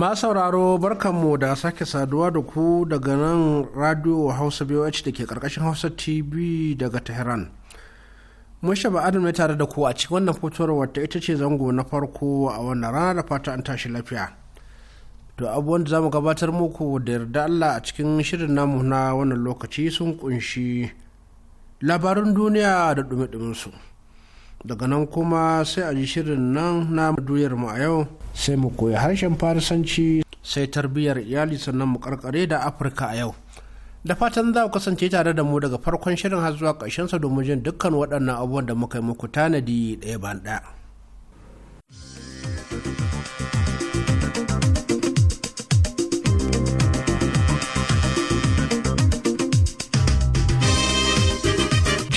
ma sauraro barkanmu da sake saduwa da ku daga nan radio hausa boh da ke karkashin hausa tv daga tehran musha shaba adam tare da ku a cikin wannan fitowar wata ita ce zango na farko a wannan rana da fata an tashi lafiya to abubuwan da zamu gabatar muku da yarda allah a cikin shirin namu na wannan lokaci sun kunshi labarin duniya da dumi-duminsu daga nan kuma sai a ji shirin nan na duyar mu a yau sai mu koyi harshen farisanci sai tarbiyyar iyali sannan mu karkare da afirka a yau da fatan za ku kasance tare da mu daga farkon shirin har zuwa sa domin jin dukkan waɗannan abubuwan da muka yi muku tanadi ɗaya ban ɗaya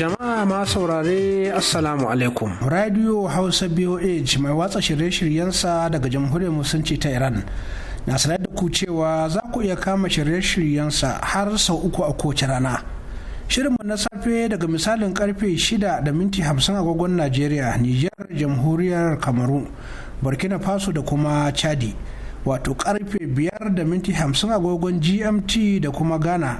Jama'a ma saurare Assalamu alaikum. Radio Hausa BOH mai watsa shirye-shiryensa daga Jamhuriyar Musulunci ta Iran. Na sanar da ku cewa za ku iya kama shirye-shiryensa har sau uku a kowace rana. Shirinmu na safe daga misalin karfe shida da minti 50 agogon Najeriya, Nijar, Jamhuriyar Kamaru, Burkina Faso da kuma Chadi. Wato karfe 5 da minti 50 agogon GMT da kuma Ghana.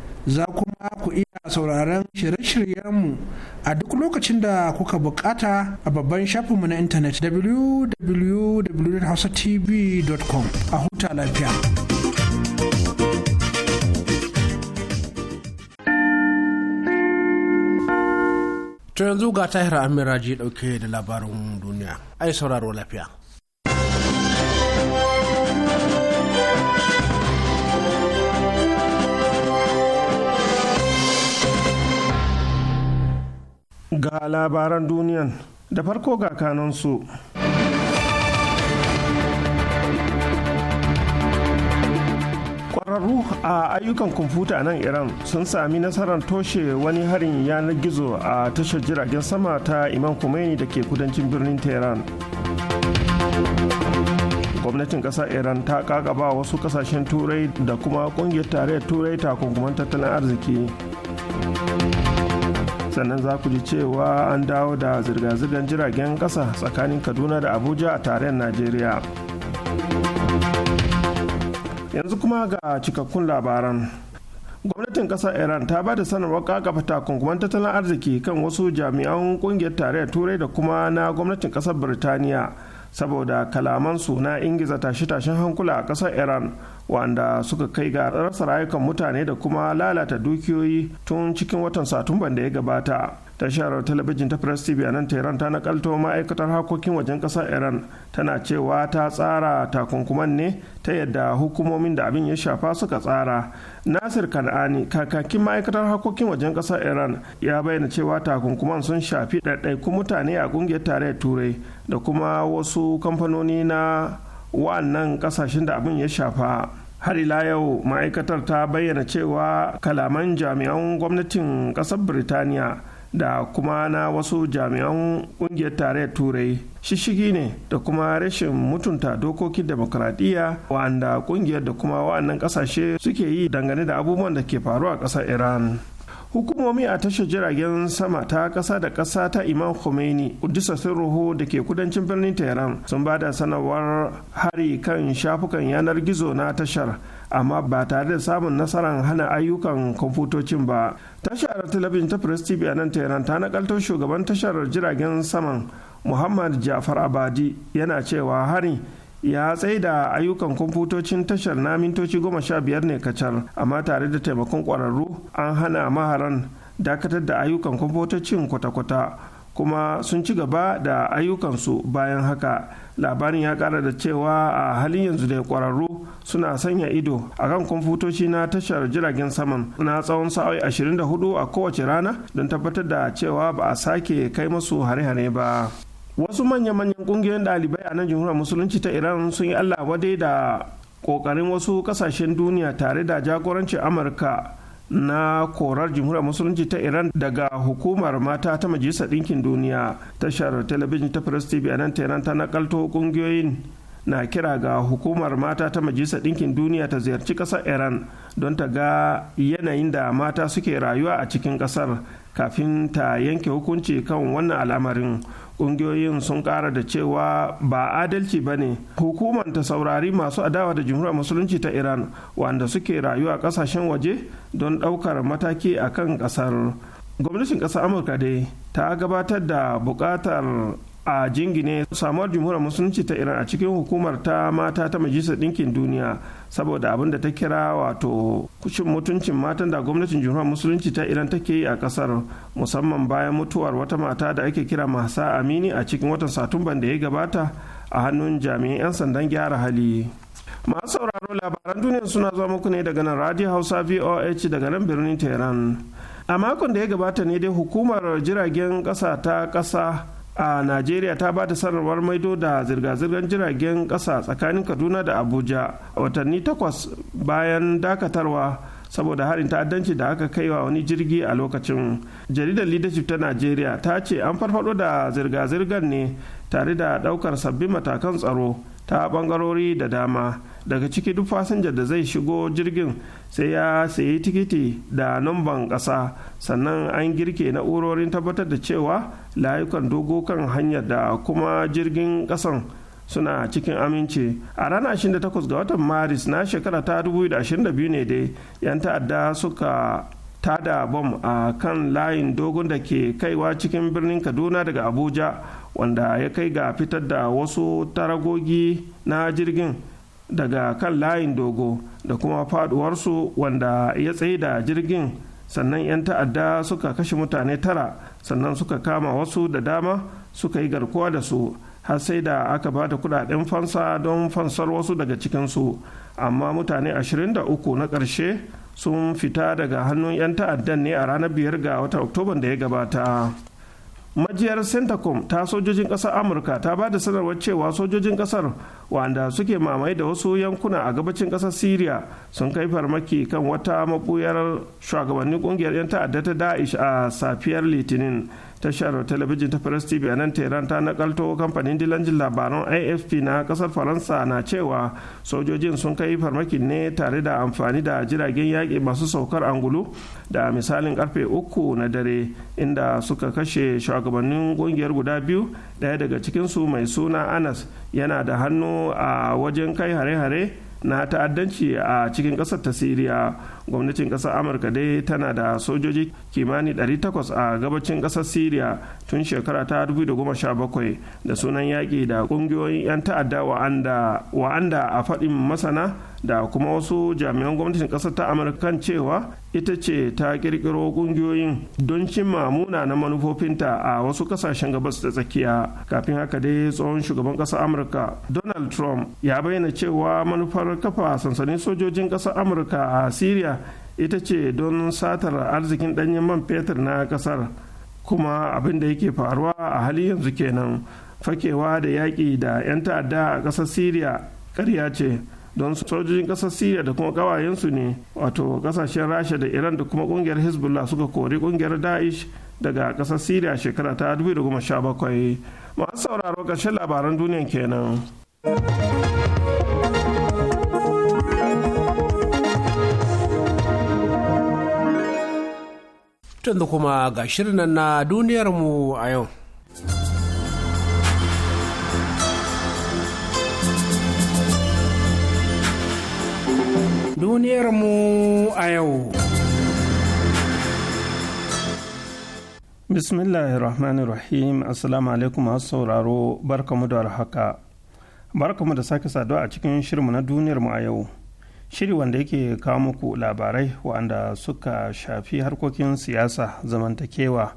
za kuma ku iya sauraron shirye-shiryenmu a duk lokacin da kuka bukata a babban shafinmu na intanet www.hausatv.com a huta lafiya. To yanzu ga Tahir amira ji dauke da labarin duniya, ai sauraro lafiya. ga labaran duniyan da farko ga kanansu kwararru a ayyukan kwamfuta nan iran sun sami nasarar toshe wani harin yanar gizo a tashar jiragen sama ta imam Khomeini da ke kudancin birnin tehran gwamnatin kasar iran ta kakaba wasu ƙasashen turai da kuma kungiyar tarayyar turai takunkuman tattalin arziki sannan za ku ji cewa an dawo da zirga-zirgar jiragen kasa tsakanin kaduna da abuja a tarayyar najeriya yanzu kuma ga cikakkun labaran gwamnatin kasar iran ta ba da sanarwar kakafa takunkuman tattalin arziki kan wasu jami'an kungiyar tarayyar turai da kuma na gwamnatin kasar birtaniya saboda kalamansu na ingiza tashe-tashen hankula a kasar iran wanda suka kai ga rasa rayukan mutane da kuma lalata dukiyoyi tun cikin watan satumban da ya gabata tashar talabijin ta press tv a nan tehran ta nakalto ma'aikatar harkokin wajen kasar iran tana cewa ta tsara takunkuman ne ta yadda hukumomin da abin ya shafa suka tsara nasir kan'ani kakakin ma'aikatar harkokin wajen ƙasar iran ya bayyana cewa takunkuman sun shafi ɗaiɗaikun mutane a ƙungiyar tarayyar turai da kuma wasu kamfanoni na wa'annan ƙasashen da abin ya shafa har ila yau ma'aikatar ta bayyana cewa kalaman jami'an gwamnatin kasar birtaniya da kuma na wasu jami'an ƙungiyar tarayyar turai shishigi ne da kuma rashin mutunta dokokin demokradiyya wa'anda ƙungiyar da kuma wa'annan ƙasashe suke yi dangane da abubuwan da ke faruwa a kasar iran hukumomi a tashar jiragen sama ta ƙasa da ƙasa ta imam khomeini udisa ruhu da ke kudancin birnin tehran sun bada sanarwar hari kan shafukan yanar gizo na tashar amma ba tare da samun nasarar hana ayyukan kwamfutocin ba tashar talabijin ta press tv a nan tehran ta nakalto shugaban tashar jiragen saman muhammad jafar abadi yana cewa harin ya da ayyukan kwamfutocin tashar na mintoci goma sha biyar ne kacal amma tare da taimakon kwararru an hana maharan dakatar da ayyukan kwamfutocin kwata-kwata kuma sun ci gaba da ayyukansu bayan haka labarin ya kara da cewa a halin yanzu da kwararru suna sanya ido a kan kwamfutoci na tashar jiragen saman na tsawon sa'o'i 24 a kowace rana don tabbatar da cewa ba a sake kai masu hare-hare ba wasu manya-manyan kungiyoyin dalibai a nan jamhuriyar musulunci ta iran sun yi allah wade da kokarin wasu kasashen duniya tare da jagorancin amurka na korar jamhuriyar musulunci ta iran daga hukumar mata ta majalisar ɗinkin duniya tashar talabijin ta press tv a nan tehran ta nakalto kungiyoyin na kira ga hukumar mata ta majalisar ɗinkin duniya ta ziyarci ƙasar iran don ta ga yanayin da mata suke rayuwa a cikin ƙasar kafin ta yanke hukunci kan wannan al'amarin kungiyoyin sun kara da cewa ba adalci ba ne hukumar ta saurari masu adawa da jumhuriyar musulunci ta iran wanda suke rayuwa kasashen waje don daukar mataki a kan kasar gwamnatin kasar amurka dai ta gabatar da bukatar a jingine samuwar jamhuriyar musulunci ta iran a cikin hukumar ta mata ta majalisar ɗinkin duniya saboda abin da ta kira wato kushin mutuncin matan da gwamnatin jamhuriyar musulunci ta iran take yi a kasar musamman bayan mutuwar wata mata da ake kira masa amini a cikin watan satumban da ya gabata a hannun jami'an 'yan sandan gyara hali masu sauraro labaran duniya suna zuwa muku ne daga nan radio hausa voh daga nan birnin tehran a makon da ya gabata ne dai hukumar jiragen ƙasa ta ƙasa a najeriya ta ba ta sanarwar maido da zirga-zirgar jiragen kasa tsakanin kaduna da abuja a watanni takwas bayan dakatarwa saboda harin ta'addanci da aka kaiwa wani jirgi a lokacin jaridar leadership ta najeriya ta ce an farfado da zirga-zirgar ne tare da ɗaukar sabbin matakan tsaro ta bangarori da dama daga ciki duk fasinja da zai shigo jirgin sai ya sayi tikiti da numban ƙasa sannan an girke na'urorin tabbatar da cewa layukan dogo kan hanyar da kuma jirgin ƙasan suna cikin aminci a ranar 28 ga watan maris na shekara ta 2022 ne dai 'yan ta'adda suka ta da bom a kan layin dogon da ke kaiwa cikin birnin kaduna daga abuja wanda ya kai ga fitar da wasu taragogi na jirgin daga kan layin dogo da kuma faduwarsu wanda ya tsaye da jirgin sannan 'yan ta'adda suka kashe mutane tara sannan suka kama wasu da dama suka yi garkuwa da su har sai da aka ba da kudaden fansa don fansar wasu daga cikinsu amma mutane 23 na ƙarshe sun fita daga hannun 'yan ta'addan ne a ranar biyar ga wata oktoban da ya gabata majiyar centacom ta sojojin kasar amurka ta ba da sanarwar cewa sojojin kasar wanda suke mamaye da wasu yankuna a gabacin kasar syria sun kai farmaki kan wata mabuyar shugabannin kungiyar 'yan ta'adda ta da'ish a safiyar litinin tashar talabijin ta press tv a nan tehran ta nakalto kamfanin dilanjin labaran afp na kasar faransa na cewa sojojin sun kai farmakin ne tare da amfani da jiragen yaƙi masu saukar angulu da misalin karfe uku na dare inda suka kashe shugabannin ƙungiyar guda biyu ɗaya daga cikinsu mai suna anas yana da hannu a wajen kai hare-hare na ta'addanci a cikin ƙasar ta siriya gwamnatin ƙasar amurka dai tana da sojoji kimani 800 a gabacin kasar syria tun shekara ta 2017 da sunan yaƙi da ƙungiyoyin 'yan ta'adda wa'anda a faɗin masana da kuma wasu jami'an gwamnatin ƙasar ta amurka kan cewa ita ce ta ƙirƙiro ƙungiyoyin don cimma na manufofinta a wasu ƙasashen gabas da tsakiya kafin haka dai tsohon shugaban ƙasar amurka donald trump ya bayyana cewa manufar kafa sansanin sojojin ƙasar amurka a syria niyya ita ce don satar arzikin ɗanyen man fetur na ƙasar kuma abin da yake faruwa a hali yanzu kenan fakewa da yaƙi da 'yan ta'adda a ƙasar siriya ƙarya ce don sojojin ƙasar Syria da kuma ƙawayensu ne wato ƙasashen rasha da iran da kuma ƙungiyar hezbollah suka kori ƙungiyar Daesh daga ƙasar siriya shekara ta 2017 masu sauraro ƙarshen labaran duniyan kenan. Tunda kuma ga shirin nan na duniyarmu a yau. Duniyarmu a yau. Rahim, Assalamu alaikum masu sauraro barkamu da alhaka Barkamu da sake saduwa a cikin shirinmu na duniyarmu a yau. shiri wanda yake kawo muku labarai waɗanda suka shafi harkokin siyasa zamantakewa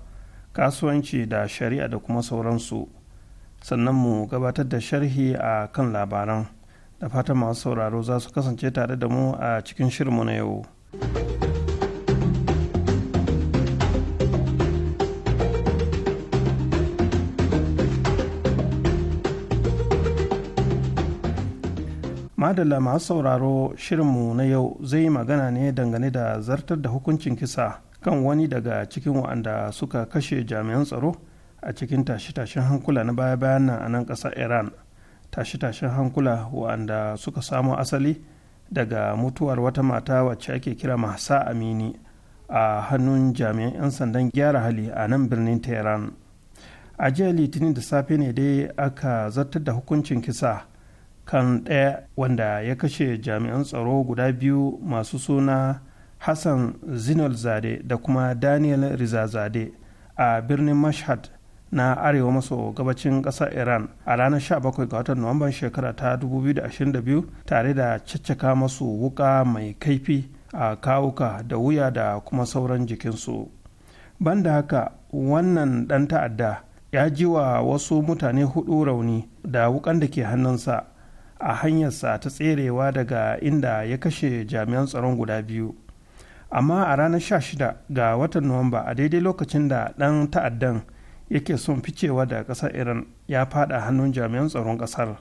kasuwanci da shari'a da kuma sauransu sannan mu gabatar da sharhi a kan labaran da fatan masu sauraro za su kasance tare da mu a cikin shirinmu na yau. madalla masu sauraro shirinmu na yau zai yi magana ne dangane da zartar da hukuncin kisa kan wani daga cikin wa'anda suka kashe jami'an tsaro a cikin tashi tashen hankula na baya-bayan nan a nan ƙasar iran tashi tashen hankula wa'anda suka samo asali daga mutuwar wata mata wacce ake kira mahsa amini a hannun jami'an 'yan sandan gyara hali a nan birnin tehran a jiya litinin da safe ne dai aka zartar da hukuncin kisa kan ɗaya wanda ya kashe jami'an tsaro guda biyu masu suna hassan zinol zade da kuma daniel riza zade a birnin mashhad na arewa maso gabacin ƙasar iran a ranar 17 ga watan nuwamban shekara ta 2022 tare da caccaka masu wuka mai kaifi a kawuka da wuya da kuma sauran jikinsu banda haka wannan ɗan ta'adda ya ji wa wasu mutane hudu rauni da wukan da ke hannunsa a hanyarsa ta tserewa daga inda ya kashe jami'an tsaron guda biyu amma a ranar 16 ga watan nuwamba a daidai lokacin da ɗan ta'addan yake son ficewa da ƙasar iran ya fada hannun jami'an tsaron ƙasar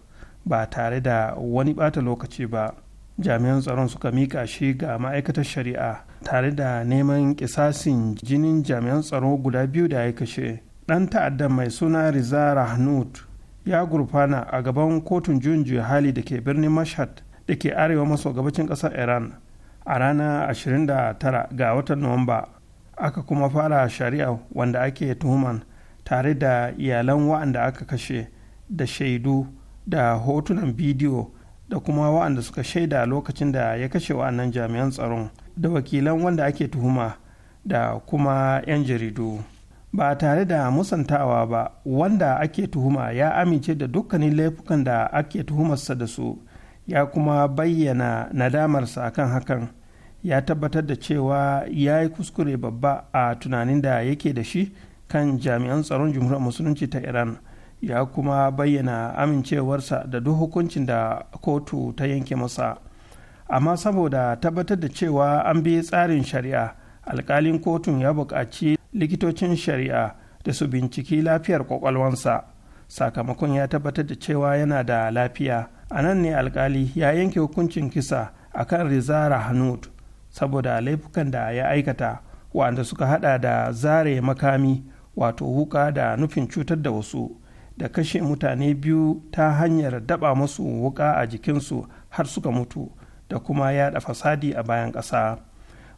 ba tare da wani bata lokaci ba jami'an tsaron suka mika shi ga ma'aikatar shari'a tare da neman kisasin jinin jami'an tsaro guda biyu da ya kashe ɗan ta'addan mai suna riza rahnut ya gurfana a gaban kotun juyin hali da ke birnin mashhad da ke arewa maso gabacin ƙasar iran a ranar 29 ga watan nuwamba aka kuma fara shari'a wanda ake tuhuman tare da iyalan wa'anda aka kashe da shaidu da hotunan bidiyo da kuma wa'anda suka shaida lokacin da ya kashe wa'annan jami'an tsaron da wakilan wanda ake tuhuma da kuma 'yan jaridu. ba tare da musantawa ba wanda ake tuhuma ya amince da dukkanin laifukan da ake tuhumarsa da su ya kuma bayyana nadamarsa kan hakan ya tabbatar da cewa ya yi kuskure babba a tunanin da yake da shi kan jami'an tsaron jumhuriyar musulunci ta iran ya kuma bayyana amincewarsa da duk hukuncin da kotu ta yanke masa amma saboda tabbatar da cewa an bi tsarin shari'a alkalin kotun ya buƙaci likitocin shari'a da su binciki lafiyar kwakwalwansa sakamakon ya tabbatar da cewa yana da lafiya a nan ne alkali ya yanke hukuncin kisa a kan rizara hanut saboda laifukan da ya aikata wanda suka hada da zare makami wato wuka da nufin cutar da wasu da kashe mutane biyu ta hanyar daba musu wuka a jikinsu har suka mutu da kuma yaɗa fasadi a bayan ƙasa.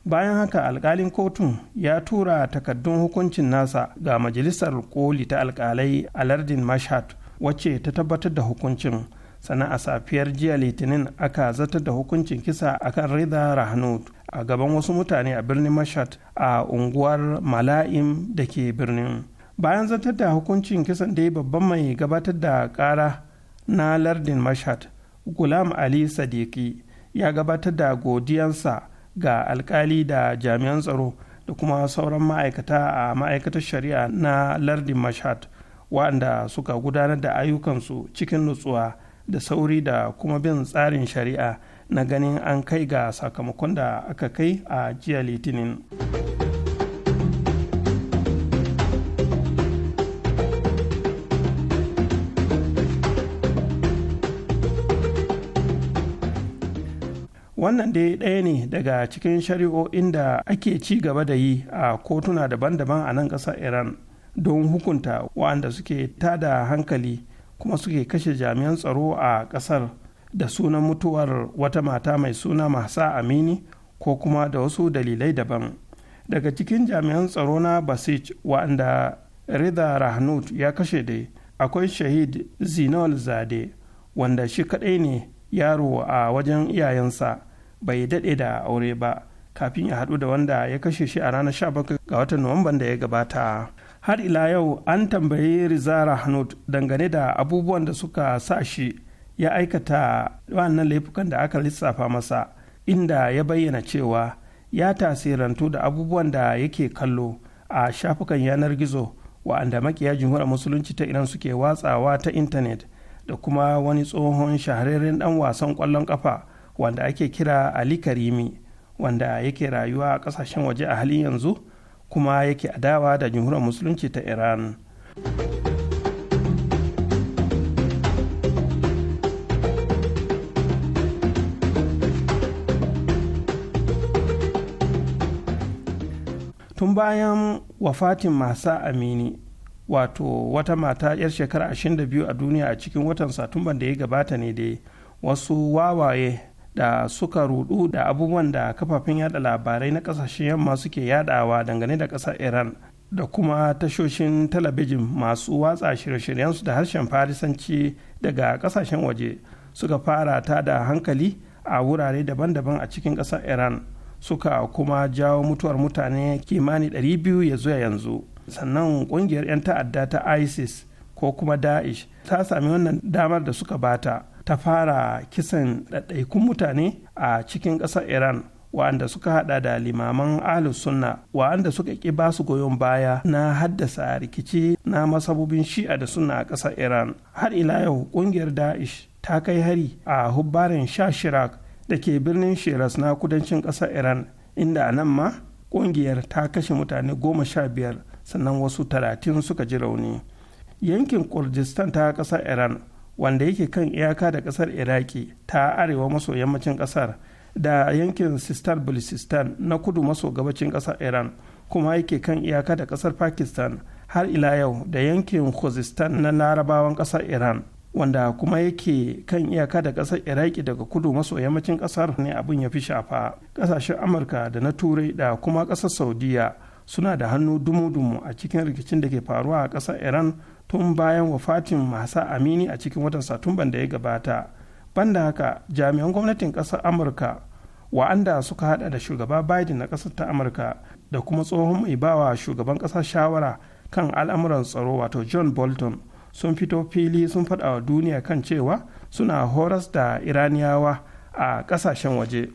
bayan haka alkalin kotun ya tura takaddun hukuncin nasa ga majalisar koli ta alkalai a lardin mashhad wacce ta tabbatar da hukuncin sannan a safiyar jiya litinin aka zartar da hukuncin kisa akan rida rahnut a gaban wasu mutane a birnin mashhad a unguwar mala'im da ke birnin bayan zatar da hukuncin kisan dai babban mai gabatar da kara na lardin mashhad gulam ali sadiki ya gabatar da godiyansa ga alkali da jami'an tsaro da kuma sauran ma'aikata a ma'aikatar shari'a na lardin mashhad waɗanda suka gudanar da ayyukansu cikin nutsuwa da sauri da kuma bin tsarin shari'a na ganin an kai ga sakamakon da aka kai a jiya litinin. wannan dai ɗaya ne daga cikin shari'o'in da ake ci gaba da yi a kotuna daban-daban a nan ƙasar iran don hukunta waɗanda suke tada hankali kuma suke kashe jami'an tsaro a ƙasar da sunan mutuwar wata mata mai suna masa amini ko kuma da wasu dalilai daban daga cikin jami'an tsaro na basij waɗanda rida rahnut ya kashe dai akwai shahid zinol zade wanda shi kaɗai ne yaro a wajen iyayensa bai daɗe da aure ba kafin ya haɗu da wanda ya kashe shi a ranar 17 ga watan nuwamban da ya gabata har ila yau an tambayi rizara hanud dangane da abubuwan da suka sa shi ya aikata wannan laifukan da aka lissafa masa inda ya bayyana cewa ya tasirantu da abubuwan da yake kallo a shafukan yanar gizo wa'anda makiya jimhuriyar musulunci ta idan suke watsawa ta intanet da kuma wani tsohon shahararren dan wasan kwallon kafa wanda ake kira ali karimi wanda yake rayuwa a kasashen waje a halin yanzu kuma yake adawa da jamhuriyar musulunci ta iran tun bayan wafatin masa amini wato wata mata 'yar shekara 22 a duniya a cikin watan satumban da ya gabata ne dai wasu wawaye da suka rudu da abubuwan da kafafen yada labarai na kasashen yamma suke yadawa dangane da kasar iran da kuma tashoshin talabijin masu watsa shirye-shiryensu da harshen farisanci daga kasashen waje suka fara ta da hankali a wurare daban-daban a cikin kasar iran suka kuma jawo mutuwar mutane kimani biyu ya zuwa yanzu sannan kungiyar 'yan ta'adda ta isis ko kuma da'ish ta sami wannan damar da suka bata ta fara kisan ɗaiɗaikun mutane a cikin ƙasar iran wa'anda suka hada da limaman ahlu sunna wa'anda suka ƙi ba su goyon baya na haddasa rikici na masabubin shi'a da sunna a ƙasar iran har ila yau ƙungiyar da'ish ta kai hari a hubbarin sha shirak da ke birnin shiras na kudancin ƙasar iran inda a nan ma ƙungiyar ta kashe mutane goma sha biyar sannan wasu talatin suka ji rauni yankin kurdistan ta ƙasar iran wanda yake kan iyaka da kasar iraki ta arewa maso yammacin kasar da yankin sistan bulisistan na kudu maso gabacin kasar iran kuma yake kan iyaka da kasar pakistan har ila yau da yankin khuzistan na larabawan kasar iran wanda kuma yake kan iyaka da kasar iraki daga kudu maso yammacin kasar ne abin ya fi shafa kasashen amurka da na turai da kuma kasar saudiya suna da hannu dumu-dumu a cikin rikicin da ke faruwa a kasar iran tun bayan wafatin masa amini a cikin watan satumban da ya gabata banda haka jami'an gwamnatin ƙasar amurka wa'anda suka hada da shugaba biden na ƙasar ta amurka da kuma tsohon mai bawa shugaban ƙasar shawara kan al'amuran tsaro wato john bolton sun fito fili sun fada wa duniya kan cewa suna horas da iraniyawa a ƙasashen waje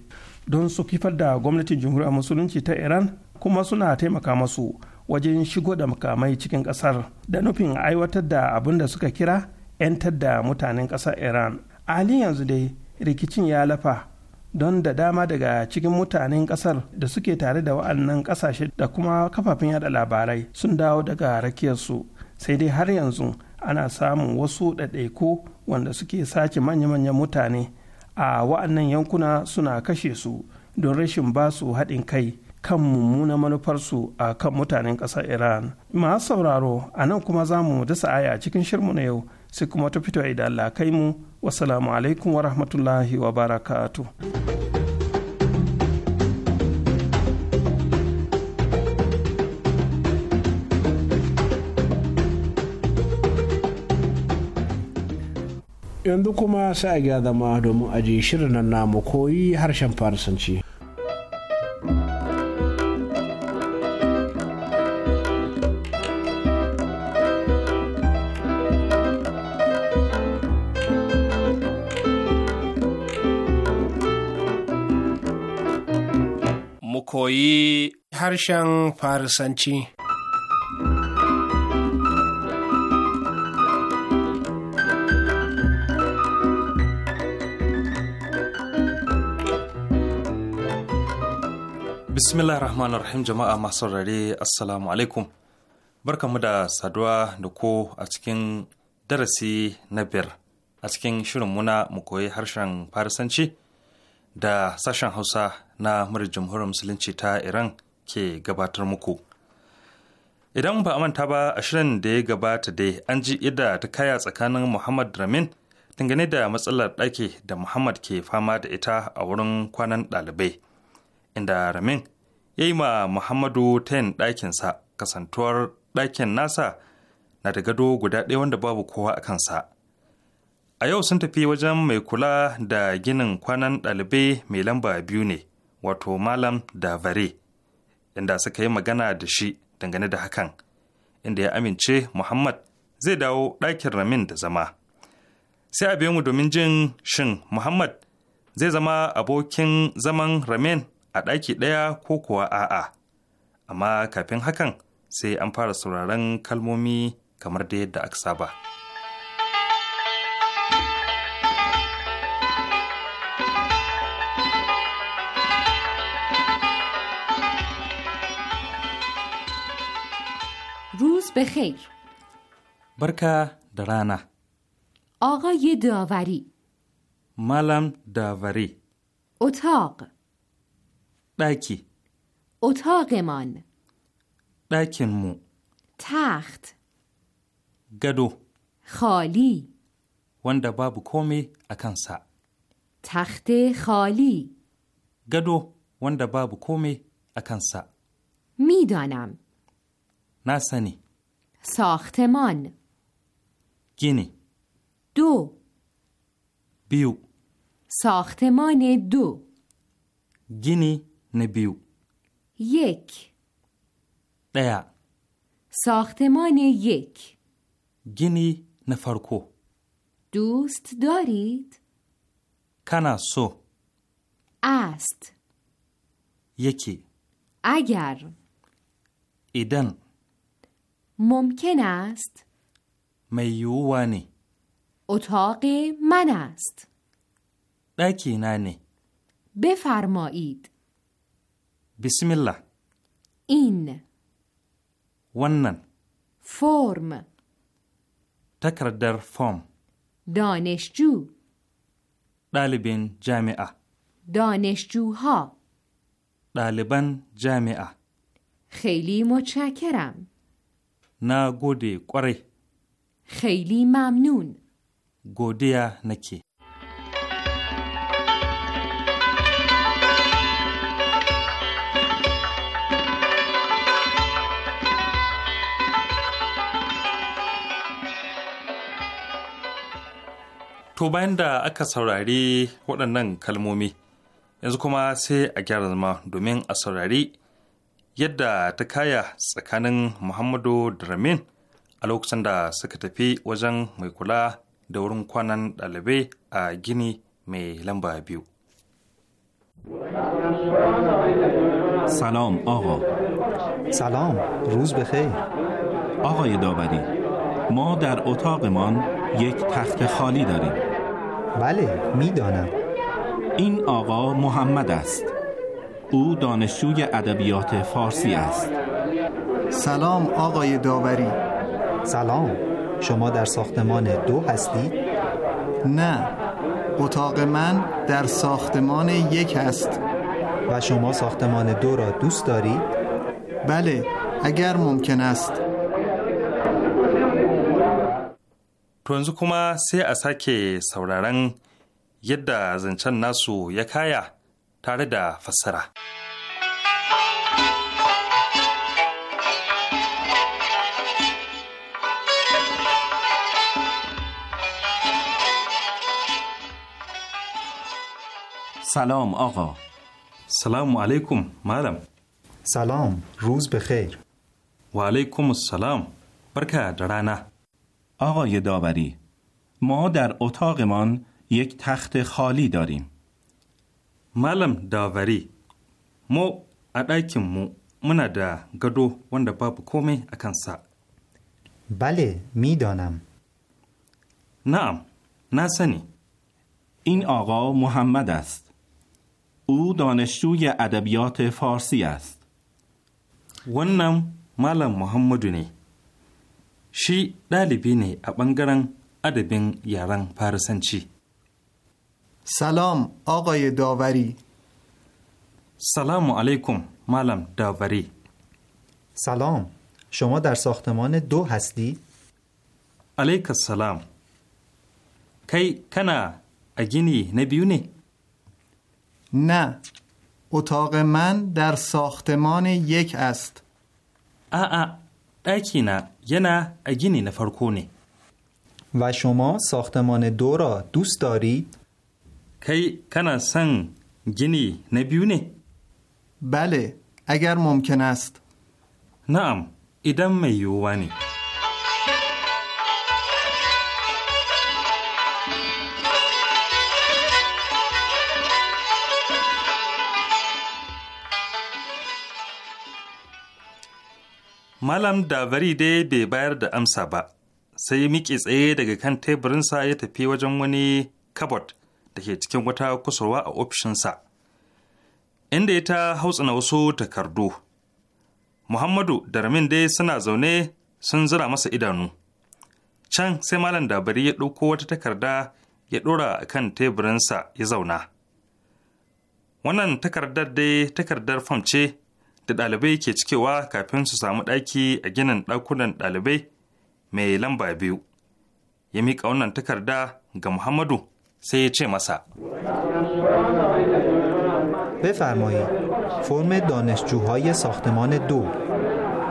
don su kifar da gwamnatin jamhuriyar musulunci ta iran kuma suna taimaka masu wajen shigo da makamai cikin ƙasar da nufin aiwatar da abin da suka kira 'yantar da mutanen ƙasar iran a halin yanzu dai rikicin ya lafa don da dama daga cikin mutanen ƙasar da suke tare da wa'annan ƙasashe da kuma kafafen yada labarai sun dawo daga rakiyarsu sai dai har yanzu ana samun wasu ɗaiɗaiku wanda suke sace manya-manyan mutane a wa'annan yankuna suna kashe su don rashin basu haɗin kai kan mummuna manufarsu a kan mutanen ƙasar iran masu sauraro a nan kuma za mu dasa aya a cikin shirmu na yau sai kuma ta fito idan Allah kai mu wasalamu alaikum wa rahmatullahi wa barakatu. yanzu kuma sai a gyara zama domin aji shirin nan namu koyi harshen farisanci. koyi harshen Farisanci. Bismillah rahman rahim jama'a masu rare assalamu alaikum. Barkanmu da saduwa da ko a cikin darasi na biyar a cikin shirin na mu koyi harshen Farisanci. da sashen Hausa na murar jamhuriyar Musulunci ta Iran ke gabatar muku. Idan ba a manta ba a shirin da ya gabata dai an ji yadda ta kaya tsakanin Muhammad Ramin dangane da matsalar ɗaki da Muhammad ke fama da ita a wurin kwanan ɗalibai. Inda Ramin ya yi ma Muhammadu tayin ɗakinsa kasantuwar ɗakin nasa na da gado guda ɗaya wanda babu kowa a kansa. A yau sun tafi wajen mai kula da ginin kwanan ɗalibai mai lamba biyu ne, wato Malam Davare, inda suka yi magana da shi dangane da hakan, inda ya amince Muhammad zai dawo ɗakin Ramin da zama. Sai a bi mu domin jin shin Muhammad zai zama abokin zaman Ramin a ɗaki ɗaya ko kuwa a'a. Amma kafin hakan sai an fara sauraron kalmomi kamar da yadda aka saba. به خیر برکا درانه آقای داوری ملم داوری اتاق باکی اتاق من مو تخت گدو خالی ونده باب کومی اکنسا تخت خالی گدو وند باب کومی اکنسا میدانم ناسنی ساختمان گینی دو بیو ساختمان دو گینی نبیو یک دیا ساختمان یک گینی نفرکو دوست دارید؟ کنا سو است یکی اگر ایدن ممکن است میوانی اتاق من است دکی بفرمایید بسم الله این ونن فرم تکر در فرم دانشجو دالبین جامعه دانشجوها دالبان جامعه خیلی متشکرم na gode kwarai. Khaili mamnun. godiya nake. To bayan da aka saurari waɗannan kalmomi, yanzu kuma sai a gyara zama domin a saurari yadda ta kaya tsakanin Muhammadu da Ramin a lokacin da suka tafi wajen mai kula da wurin kwanan ɗalibai a gini mai lamba biyu. سلام آقا سلام روز بخیر آقای داوری ما در اتاقمان یک تخت خالی داریم بله میدانم این آقا محمد است او دانشجوی ادبیات فارسی است سلام آقای داوری سلام شما در ساختمان دو هستی؟ نه اتاق من در ساختمان یک است و شما ساختمان دو را دوست دارید؟ بله اگر ممکن است To کما سه اصحا که sake یده زنچن نسو یکایه tare da سلام آقا سلام علیکم معلم سلام روز بخیر و علیکم السلام برکه درانه آقای داوری ما در اتاقمان یک تخت خالی داریم Malam davare Mu a ɗakinmu muna da gado wanda babu komai a kansa. Bale, mi donam. Na'am, na sani. این آقا محمد است. او دانشجوی ادبیات فارسی است. wannan malam Muhammadu ne. Shi ɗalibi ne a ɓangaren adabin yaren Farisanci. سلام آقای داوری سلام علیکم معلم داوری سلام شما در ساختمان دو هستی؟ علیک السلام کی کنا اگینی نبیونی؟ نه اتاق من در ساختمان یک است آآ اکی نه یه نه اگینی نفرکونی و شما ساختمان دو را دوست دارید؟ kai kana son gini na biyu ne بله اگر ممکن Na'am, idan mai yiwuwa ne. Malam Davari dai bai bayar da amsa ba, sai miƙe tsaye daga kan teburinsa ya tafi wajen wani kabot da ke cikin wata kusurwa a ofishinsa inda ya ta hautsana wasu takardu muhammadu da ramin dai suna zaune sun zira masa idanu can sai malam dabari ya ɗauko wata takarda ya ɗora a kan teburinsa ya zauna wannan takardar dai takardar fam ce da ɗalibai ke cikewa kafin su samu ɗaki a ginin ɗakunan ɗalibai mai lamba biyu ya miƙa wannan takarda ga muhammadu سه چه مسا بفرمایید فرم دانشجوهای ساختمان دو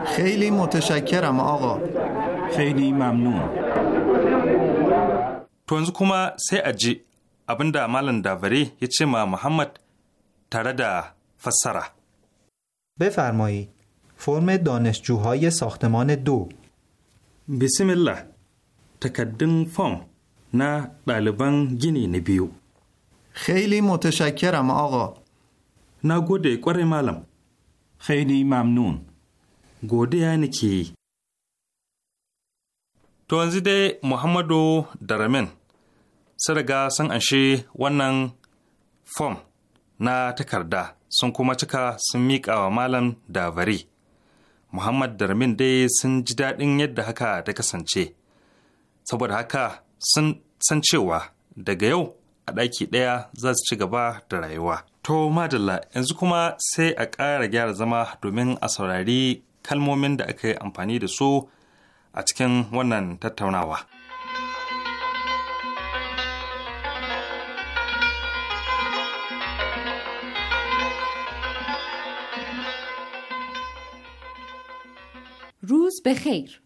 خیلی متشکرم آقا خیلی ممنون تو کما سه اجی ابن دا مالن دا وری یچه ما محمد تردا فسرا بفرمایید فرم دانشجوهای ساختمان دو بسم الله تکدن فرم na ɗaliban gini na biyu. خیلی متشکرم آقا. Na gode kwarai malam. خیلی ممنون. Godiya nake. To yanzu dai Muhammadu da Ramin sun riga sun anshe wannan fom na takarda sun kuma cika sun miƙa wa malam dabari bari. Muhammad da Ramin dai sun ji daɗin yadda haka ta kasance. Saboda haka sun san cewa daga yau a ɗaki ɗaya za su ci gaba da rayuwa. To madalla yanzu kuma sai a ƙara gyara zama domin a saurari kalmomin da aka yi amfani da su a cikin wannan tattaunawa. Bekhair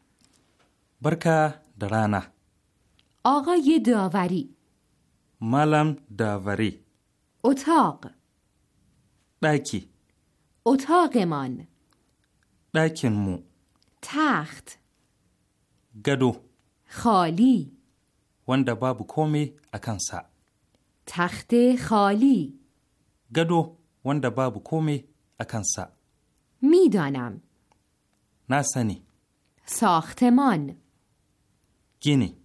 Barka da rana. آقای داوری ملم داوری اتاق دایکی اتاق من مو تخت گدو خالی وند باب کومی اکنسا تخت خالی گدو وند باب کومی اکنسا می دانم ساختمان گینی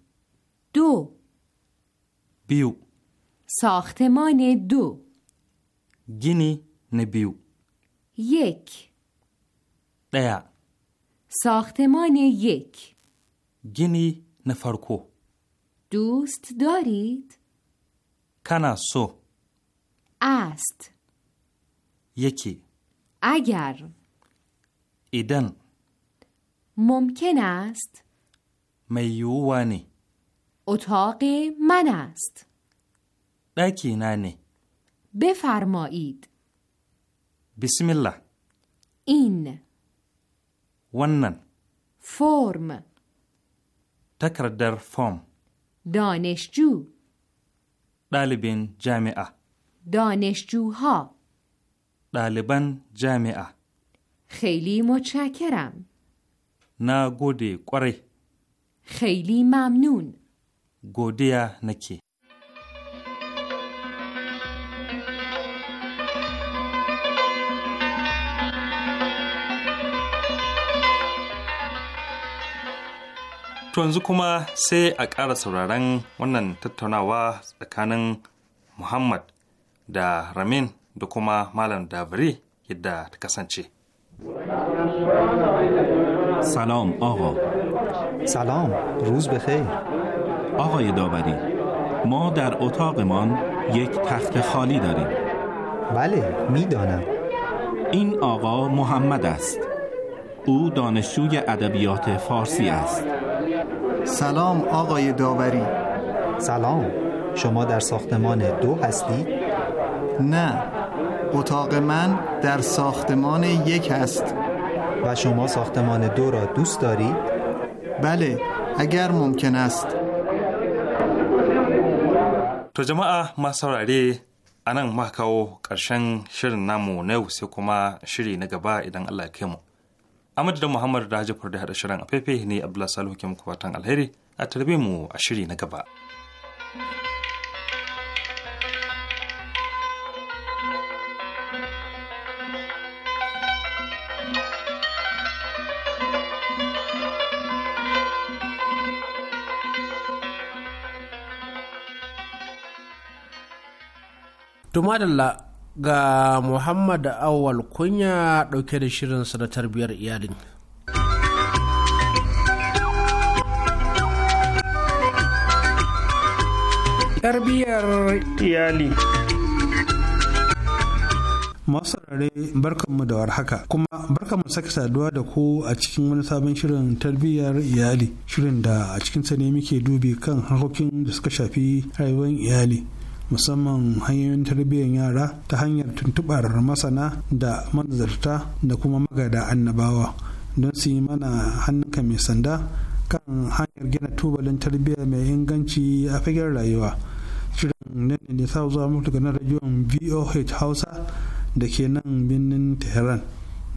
دو بیو ساختمان دو گینی نبیو یک دیا ساختمان یک گینی نفرکو دوست دارید؟ کنا سو است یکی اگر ایدن ممکن است میوانی اتاق من است. بکی ننی. بفرمایید. بسم الله. این. ونن. فرم. تکر در فرم. دانشجو. دالبین جامعه. دانشجوها. دالبان جامعه. خیلی متشکرم. گودی قره. خیلی ممنون. godiya nake. To yanzu kuma sai a ƙara sauraron wannan tattaunawa tsakanin Muhammad da Ramin da kuma Malam Davri yadda ta kasance. salam آقا Salam, Ruz بخیر آقای داوری ما در اتاقمان یک تخت خالی داریم بله میدانم این آقا محمد است او دانشجوی ادبیات فارسی است سلام آقای داوری سلام شما در ساختمان دو هستی؟ نه اتاق من در ساختمان یک هست و شما ساختمان دو را دوست دارید؟ بله اگر ممکن است To jama'a masu saurare a nan ma kawo ƙarshen shirin namu na yau sai kuma shiri na gaba idan Allah ya kai mu. Amadu da Muhammad da Hajjafar da haɗa shirin a ne Abdullahi Salihu ke muku fatan alheri a tarbe mu a shiri na gaba. thank you Tuma ga muhammad awal kunya ɗauke da shirin na tarbiyar iyalin tarbiyyar iyali masu barkanmu da warhaka kuma barkanmu sake saduwa da ku a cikin wani sabon shirin tarbiyyar iyali shirin da a cikinsa ne muke dubi kan harkokin da suka shafi rayuwar iyali musamman hanyoyin tarbiyyar yara ta hanyar tuntubar masana da manzarta da kuma magada annabawa don su yi mana hannunka mai sanda kan hanyar gina tubalin tarbiyya mai inganci a fagen rayuwa shirin ne ne sa zuwa mutu daga rajiyon voh hausa da ke nan birnin tehran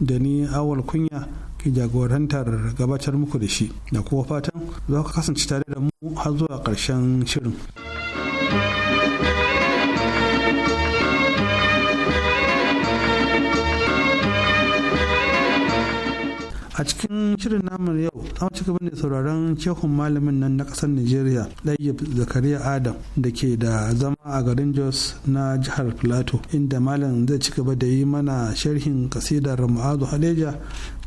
da ni awal kunya ke jagorantar gabatar muku da shi da kuma fatan za ka kasance tare da mu har zuwa ƙarshen shirin. a cikin shirin namun yau an ci gaba da sauraron cehun malamin nan na kasar nigeria ɗayyab zakariya adam da ke da zama a garin jos na jihar plateau inda malam zai ci gaba da yi mana sharhin kasidar ma'azu haleja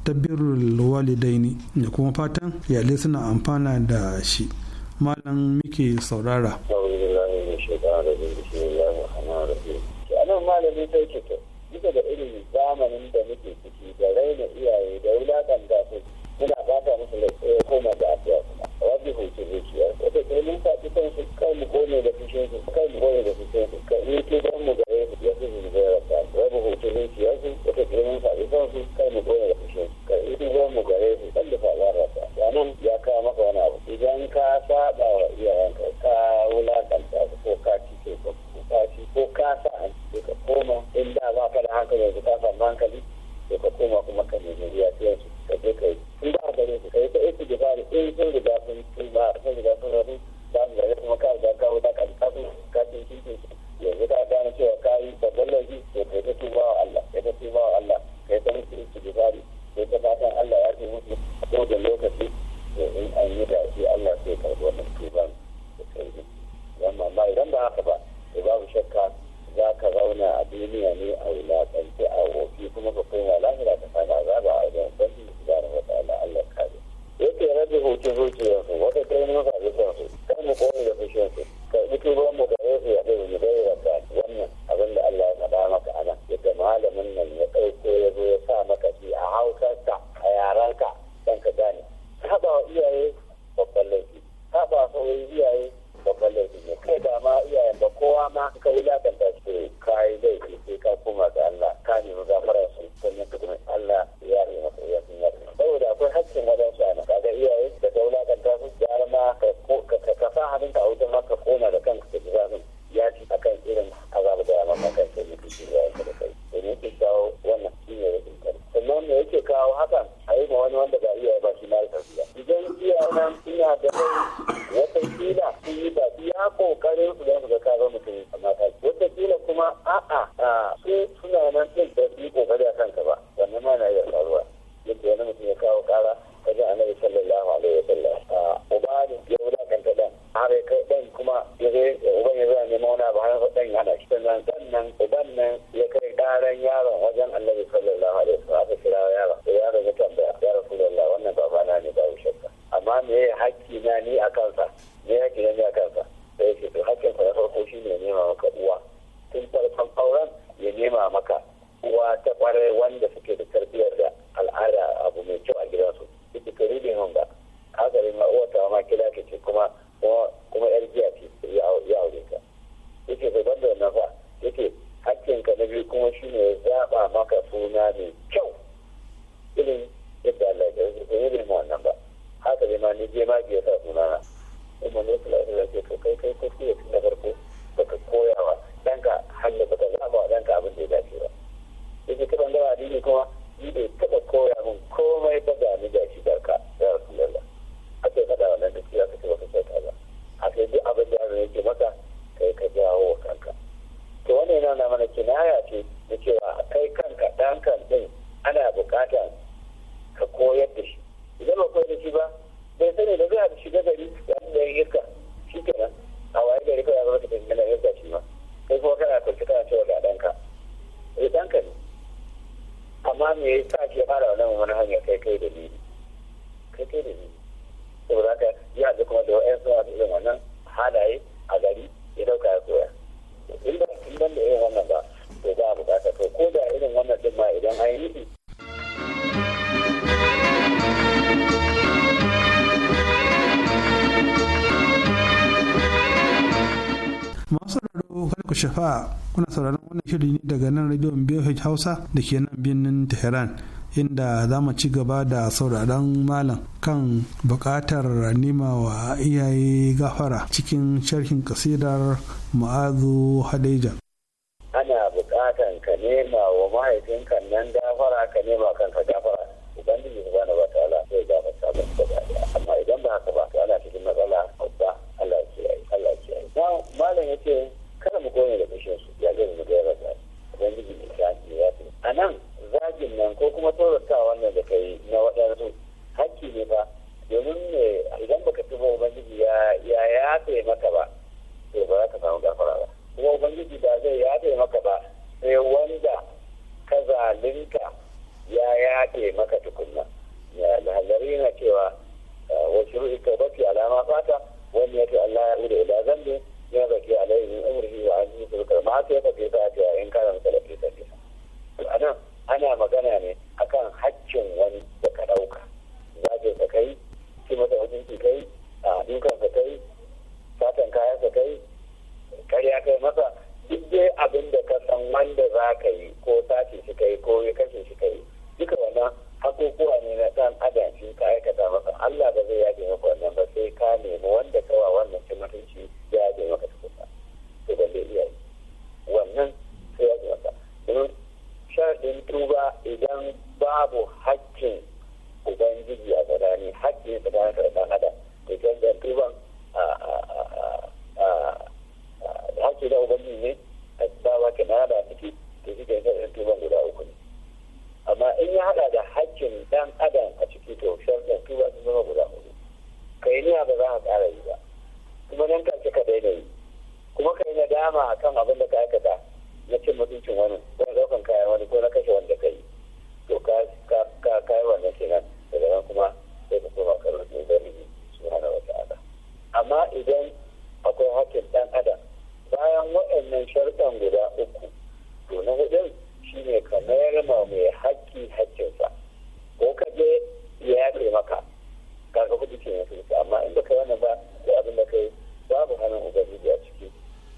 tabbirul walidaini da kuma fatan iyalai suna amfana da shi malam muke saurara malami sai ke bisa da irin zamanin da muke Thank you. shafa'a kuna sauraron wannan shiri ne daga nan rediyon BOH Hausa da ke nan birnin Tehran inda za mu ci gaba da sauraron malam kan bukatar nima wa iyaye gafara cikin sharhin kasidar ma'azu Hadeja. Ana bukatar ka nema wa mahaifinka nan gafara ka nema kanka haka ya ba ta ce karan salafi a nan ana magana ne akan haƙƙin wani da ka ɗauka ka kai ci masa ki kai a dukan ka kai satan kayan ka kai karya kai masa duk dai abin da ka san wanda za ka yi ko sace shi kai ko ya kashe shi kai duka wannan hakukuwa ne na ɗan adam shi ka aikata masa Allah ba zai yaje maka wannan ba sai ka nemi wanda kawa wannan cin ya yaje maka tukuta to balle iyaye wannan sai ya zama domin sharaɗin tuba idan babu haƙƙin ubangiji a tsakani haƙƙin tsakanin karɓar adam hada da tuban haƙƙin da ubangiji ne a tsawa ke na hada ciki da shi ke sharaɗin tuban guda uku ne amma in ya hada da haƙƙin ɗan adam a ciki to sharaɗin tuba sun zama guda uku kai niya ba za a ƙara yi ba kuma nan ce ka daina yi kuma ka yi nadama a kan abin da ka aikata na cin mutuncin wani ko na ɗaukan kayan wani ko na kashe wanda ka yi to ka kai wannan kenan daga nan kuma sai ka koma kan da ubangiji su hana wata ada amma idan akwai hakkin ɗan adam bayan waɗannan sharɗan guda uku to na hudun shine ne ka mayar ma mai haƙƙi haƙƙinsa ko ka je ya yafe maka kaga hudu ke yanzu amma in baka wannan ba ko abin da kai babu hannun ubangiji a cikin.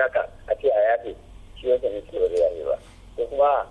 haka a ce a yafe shi wancan ne ke ba zai yafe ba ko kuma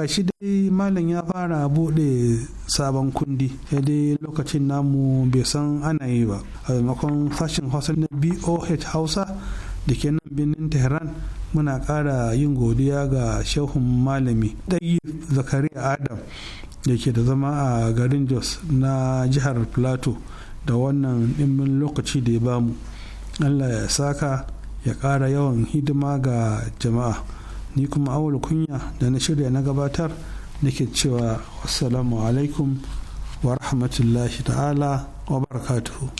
gashi dai malam ya fara bude sabon kundi sai dai lokacin namu bai san ana yi ba a maimakon sashen hausa na boh hausa da ke nan birnin tehran muna ƙara yin godiya ga shehun malami ɗayi zakariya adam da ke da zama a garin jos na jihar plateau da wannan ɗimbin lokaci da ya bamu allah ya saka ya ƙara yawan hidima ga jama'a ni kuma awal kunya da na shirya na gabatar da nake cewa wasalamu alaikum wa rahmatullahi ta'ala wa barakatuhu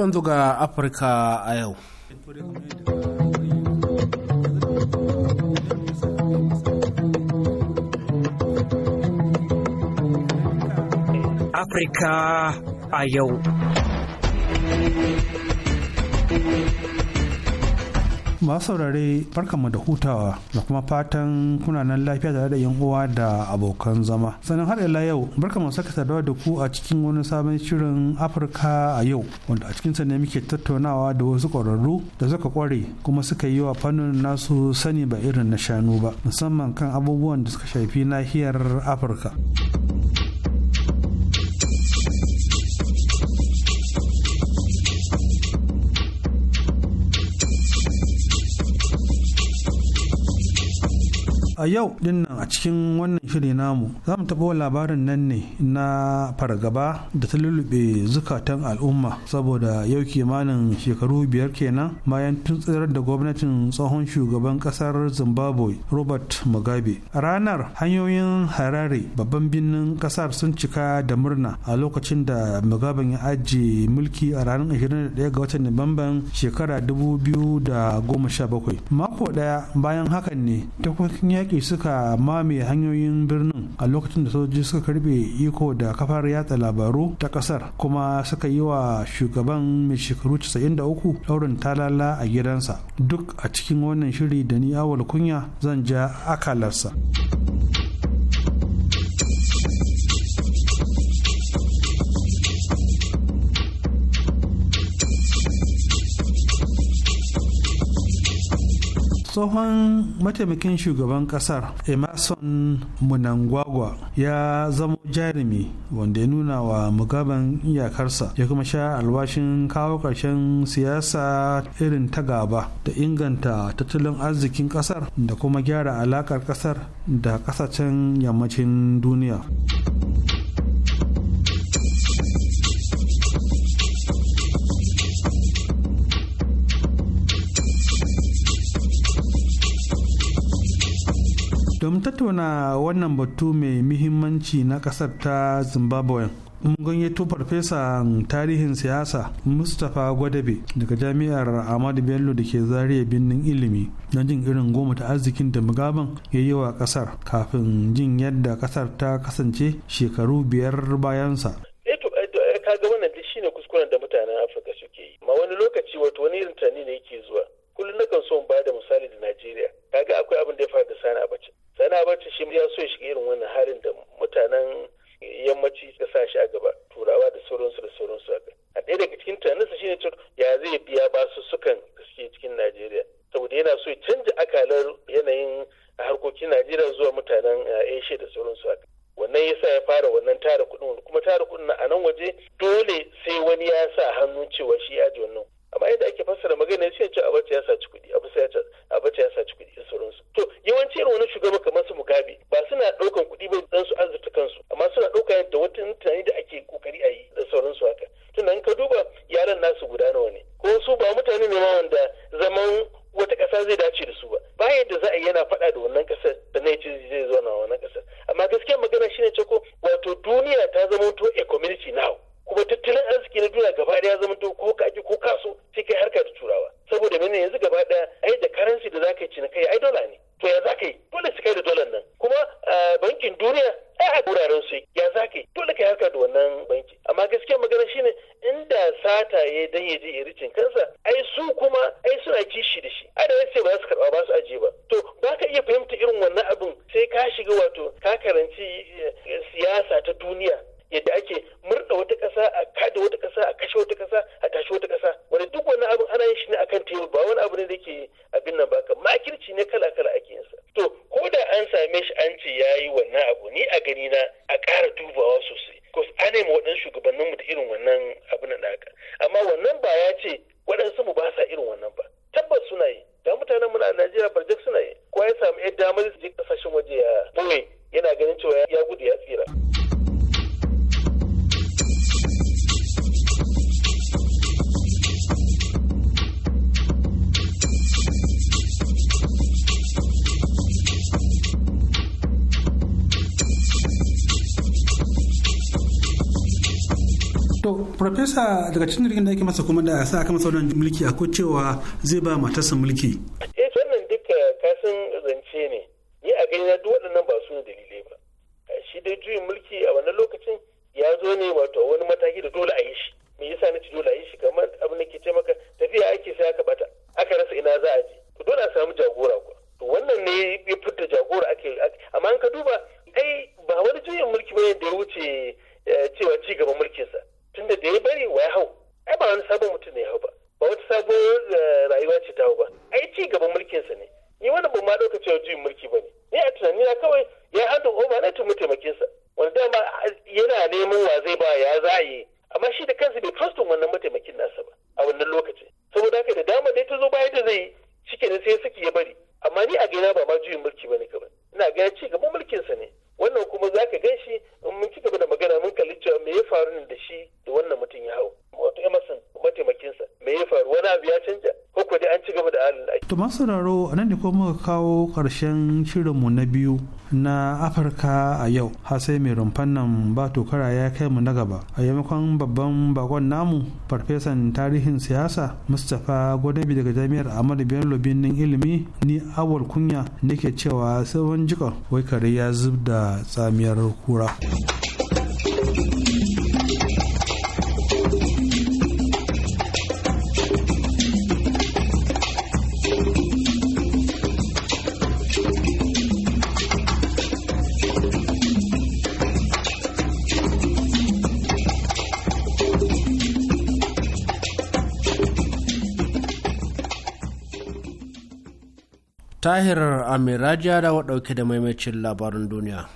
yanzu ga afirka a yau Afirka a yau. Masu saurare barkanmu da hutawa da kuma fatan kuna nan lafiya tare da yan uwa da abokan zama. Sannan har ila yau barkanmu saka saduwa da ku a cikin wani sabon shirin Afirka a yau wanda a cikinsa ne muke tattaunawa da wasu ƙwararru da suka ƙware kuma suka yi wa fannin nasu sani ba irin na shanu ba musamman kan abubuwan da suka shafi nahiyar Afirka. a yau dinnan a cikin wannan shiri namu za mu taɓa labarin nan ne na fargaba da ta lulluɓe zukatan al'umma saboda yau kimanin shekaru biyar kenan bayan tuntsirar da gwamnatin tsohon shugaban ƙasar zimbabwe robert mugabe ranar hanyoyin harare babban birnin ƙasar sun cika da murna a lokacin da mugabe ya ajiye mulki a ranar 21 ga watan nuwamban shekara 2017 mako ɗaya bayan hakan ne ta yaƙi suka mame hanyoyin birnin a lokacin da sojoji suka karbe iko da kafar yatsa labaru ta ƙasar kuma suka yi wa shugaban mai shekaru 93 ɗaurin talala a gidansa duk a cikin wannan shiri da ni awal kunya zan ja akalarsa. tsohon mataimakin shugaban kasar emerson munangwagwa ya zamo jarumi wanda ya nuna wa mugaban iyakarsa ya kuma sha alwashin kawo ƙarshen siyasa irin ta gaba da inganta tattalin arzikin kasar da kuma gyara alakar kasar da kasashen yammacin duniya. domin tattauna wannan batu mai muhimmanci na kasar ta zimbabwe gayyato farfesa tarihin siyasa mustapha gwadabe daga jami'ar ahmadu bello da ke zariya birnin ilimi don jin irin goma ta arzikin da mugaban ya yi wa kasar kafin jin yadda kasar ta kasance shekaru biyar bayansa eh eh eh, kaga wannan shine kuskuren da mutanen afirka suke yi ma wani lokaci wato irin tani ne yake zuwa kullum na kan so in da misali da najeriya kaga akwai abin da ya faru da sani a abacha sana barta shi ya so ya shiga irin wannan harin da mutanen yammaci ta sa shi a gaba turawa da sauransu da sauransu a ɗaya daga cikin tunaninsa shine cewa ya zai biya su sukan suke cikin najeriya saboda yana so ya canja akalar yanayin harkokin najeriya zuwa mutanen eh, asia da sauransu a wannan yasa ya fara wannan tara kuɗin kuma tara kuɗin a nan waje dole sai wani ya sa hannun cewa shi ya ji wannan amma yadda ake fassara magana sai ce abacha ya saci kuɗi abu sai abacha ya saci kuɗi da sauransu to yawanci irin wani shugaba kamar su mugabe ba suna ɗaukan kuɗi ba don su azurta kansu amma suna ɗauka da wata tunani da ake kokari a yi da sauransu haka tunan ka duba yaran nasu guda nawa ne ko su ba mutane ne ma wanda zaman wata ƙasa zai dace da su ba ba yadda za a yi yana faɗa da wannan ƙasar da na ce zai zo na wannan ƙasar daga cikin rigin da ake masa kuma da sa aka masa wannan mulki akwai cewa zai ba matarsa mulki sauraro a nan da kuma muka kawo ƙarshen shirinmu na biyu na afirka a yau har sai mai rumfan nan ba tokara ya kai mu na gaba a yamakon babban bakon namu farfesan tarihin siyasa mustapha gwadabi daga jami'ar ahmadu bello binin ilimi ni awal kunya nake cewa sabon jikon wai kare ya zub da tsamiyar kura. Tahir Amiraja da dauke da maimacin labarin duniya.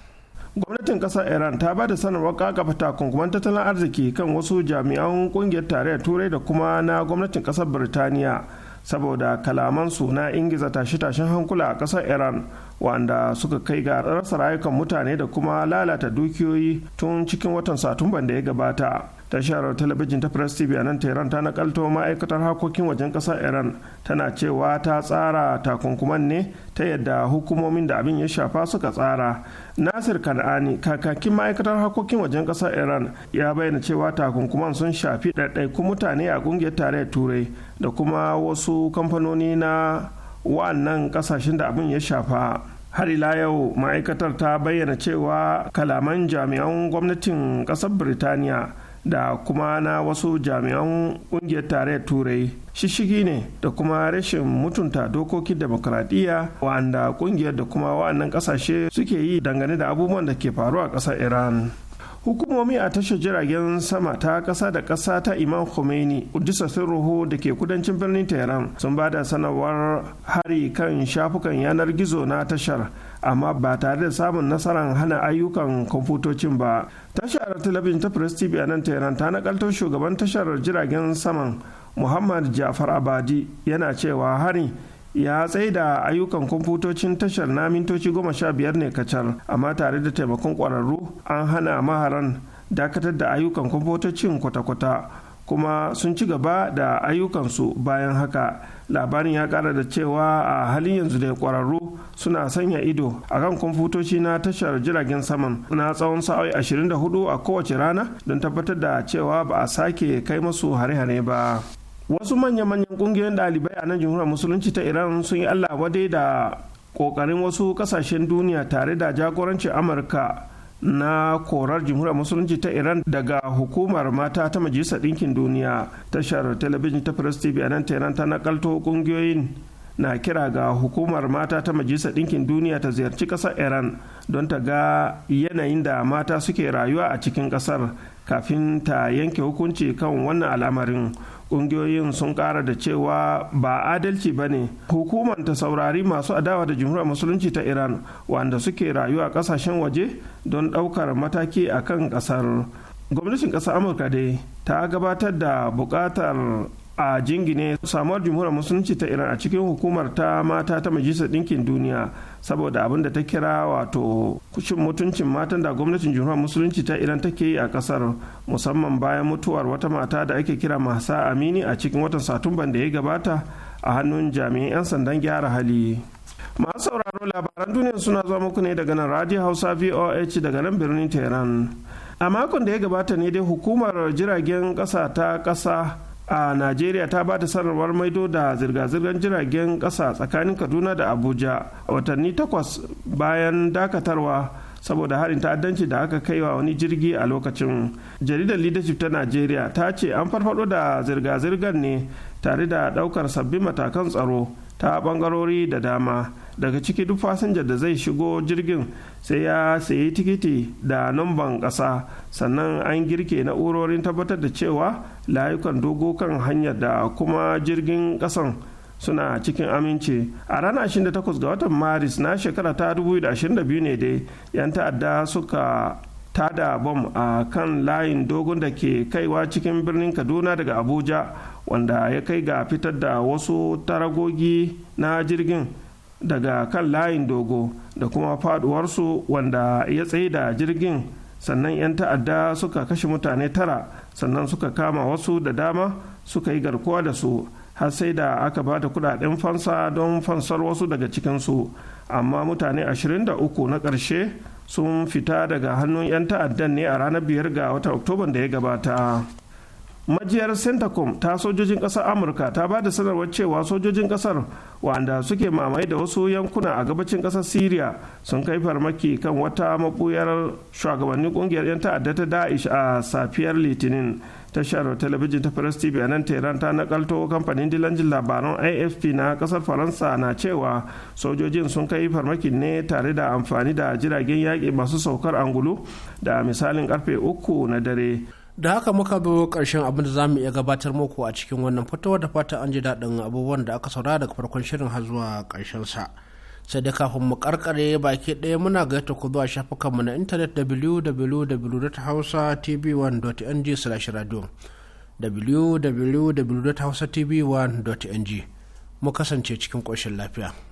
Gwamnatin kasar Iran ta ba da sanarwar kakafa takunkuman tattalin arziki kan wasu jami'an ƙungiyar tarayyar Turai da kuma na gwamnatin kasar Birtaniya saboda kalamansu na ingiza tashe-tashen hankula a kasar Iran wanda suka kai ga rasa rayukan mutane da kuma lalata dukiyoyi tun cikin watan Satumban da ya gabata. tashar talabijin ta press tv a nan tehran ta nakalto ma'aikatar harkokin wajen kasar iran tana cewa ta tsara takunkuman ne ta yadda hukumomin da abin ya shafa suka tsara nasir kan'ani kakakin ma'aikatar harkokin wajen ƙasar iran ya bayyana cewa takunkuman sun shafi ɗaiɗaikun mutane a ƙungiyar tarayyar turai da kuma wasu kamfanoni na wannan ƙasashen da abin ya shafa har ila yau ma'aikatar ta bayyana cewa kalaman jami'an gwamnatin ƙasar birtaniya da kuma na wasu jami'an kungiyar tarayyar turai shishigi ne da kuma rashin mutunta dokokin demokradiyya wa'anda kungiyar da kuma wa'annan kasashe suke yi dangane da abubuwan da ke faruwa a ƙasar iran hukumomi a tashar jiragen sama ta ƙasa da ƙasa ta imam khomeini udisa ruhu da ke kudancin birnin tehran sun ba da sanarwar hari kan shafukan yanar gizo na tashar amma ba tare da samun nasarar hana ayyukan kwamfutocin ba tashar talabijin ta press tv a nan tehran ta nakalto shugaban tashar jiragen saman muhammad jafar abadi yana cewa hari ya tsaida ayyukan kwamfutocin tashar na mintoci goma sha biyar ne kacal amma tare da taimakon kwararru an hana maharan dakatar da ayyukan kwamfutocin kwata-kwata kuma sun ci gaba da ayyukansu bayan haka labarin ya kara da cewa a halin yanzu da kwararru suna sanya ido a kan kwamfutoci na tashar jiragen saman na tsawon sa'o'i 24 a kowace rana don tabbatar da cewa ba a sake kai masu hare-hare ba wasu manya-manyan kungiyoyin ɗalibai a nan jamhuriyar musulunci ta iran sun yi allah wadai da ƙoƙarin wasu ƙasashen duniya tare da jagorancin amurka na korar jamhuriyar musulunci ta iran daga hukumar mata ta majalisar ɗinkin duniya tashar talabijin ta press tv a nan iran ta nakalto ƙungiyoyin na kira ga hukumar mata ta majalisar ɗinkin duniya ta ziyarci ƙasar iran don ta ga yanayin da mata suke rayuwa a cikin ƙasar kafin ta yanke hukunci kan wannan al'amarin kungiyoyin sun kara da cewa ba adalci ba ne hukumar ta saurari masu adawa da jumhuriyar musulunci ta iran wanda suke rayuwa kasashen waje don daukar mataki a kan kasar gwamnatin kasar amurka dai ta gabatar da bukatar a jingine samuwar jumhuriyar musulunci ta iran a cikin hukumar ta mata ta majalisar ɗinkin duniya saboda abin da ta kira wato kushin mutuncin matan da gwamnatin jumhuriyar musulunci ta iran take yi a ƙasar musamman bayan mutuwar wata mata da ake kira masa amini a cikin watan satumban da ya gabata a hannun jami'an 'yan sandan gyara hali masu sauraro labaran duniya suna zuwa muku ne daga nan radio hausa voh daga nan birnin tehran a makon da ya gabata ne dai hukumar jiragen ƙasa ta ƙasa a najeriya ta ba ta sanarwar maido da zirga-zirgar jiragen ƙasa tsakanin kaduna da abuja a watanni takwas bayan dakatarwa saboda harin ta'addanci da aka kaiwa wani jirgi a lokacin jaridar leadership ta najeriya ta ce an farfado da zirga-zirgar ne tare da ɗaukar sabbin matakan tsaro ta ɓangarori da dama daga ciki duk fasinjar da zai shigo jirgin sai ya sayi tikiti da numban ƙasa sannan an girke na'urorin tabbatar da cewa layukan dogo kan hanyar da kuma jirgin kasan suna cikin aminci a ranar 28 ga watan maris na shekara ta 2022 ne dai 'yan ta'adda suka tada bom a kan layin dogon da ke kaiwa cikin birnin kaduna daga abuja wanda ya kai ga fitar da wasu taragogi na jirgin daga kan layin dogo da kuma faduwarsu wanda ya tsaye da jirgin sannan 'yan ta'adda suka kashe mutane tara sannan suka kama wasu da dama suka yi garkuwa da su har sai da aka ba da kudaden fansa don fansar wasu daga cikinsu amma mutane 23 na ƙarshe sun fita daga hannun 'yan ta'addan ne a ranar 5 ga watan oktoban da ya gabata. majiyar centacom ta sojojin kasar amurka ta ba da sanarwar cewa sojojin kasar wanda suke mamaye da wasu yankuna a gabacin kasar syria sun kai farmaki kan wata mabuyar shugabannin kungiyar 'yan ta'adda ta da'ish a safiyar litinin tashar talabijin ta press tv a nan tehran ta nakalto kamfanin dilanjin labaran afp na kasar faransa na cewa sojojin sun kai farmaki ne tare da amfani da jiragen yaƙi masu saukar angulu da misalin karfe uku na dare da haka muka bi karshen abin da za mu iya gabatar muku a cikin wannan fitowar da fata an ji daɗin abubuwan da aka saurara daga farkon shirin har zuwa ƙarshen sa sai da kafin mu karkare baki ɗaya muna gayyata ku zuwa shafukanmu na intanet www.hausatv1.ng slash radio www.hausatv1.ng mu kasance cikin ƙoshin lafiya.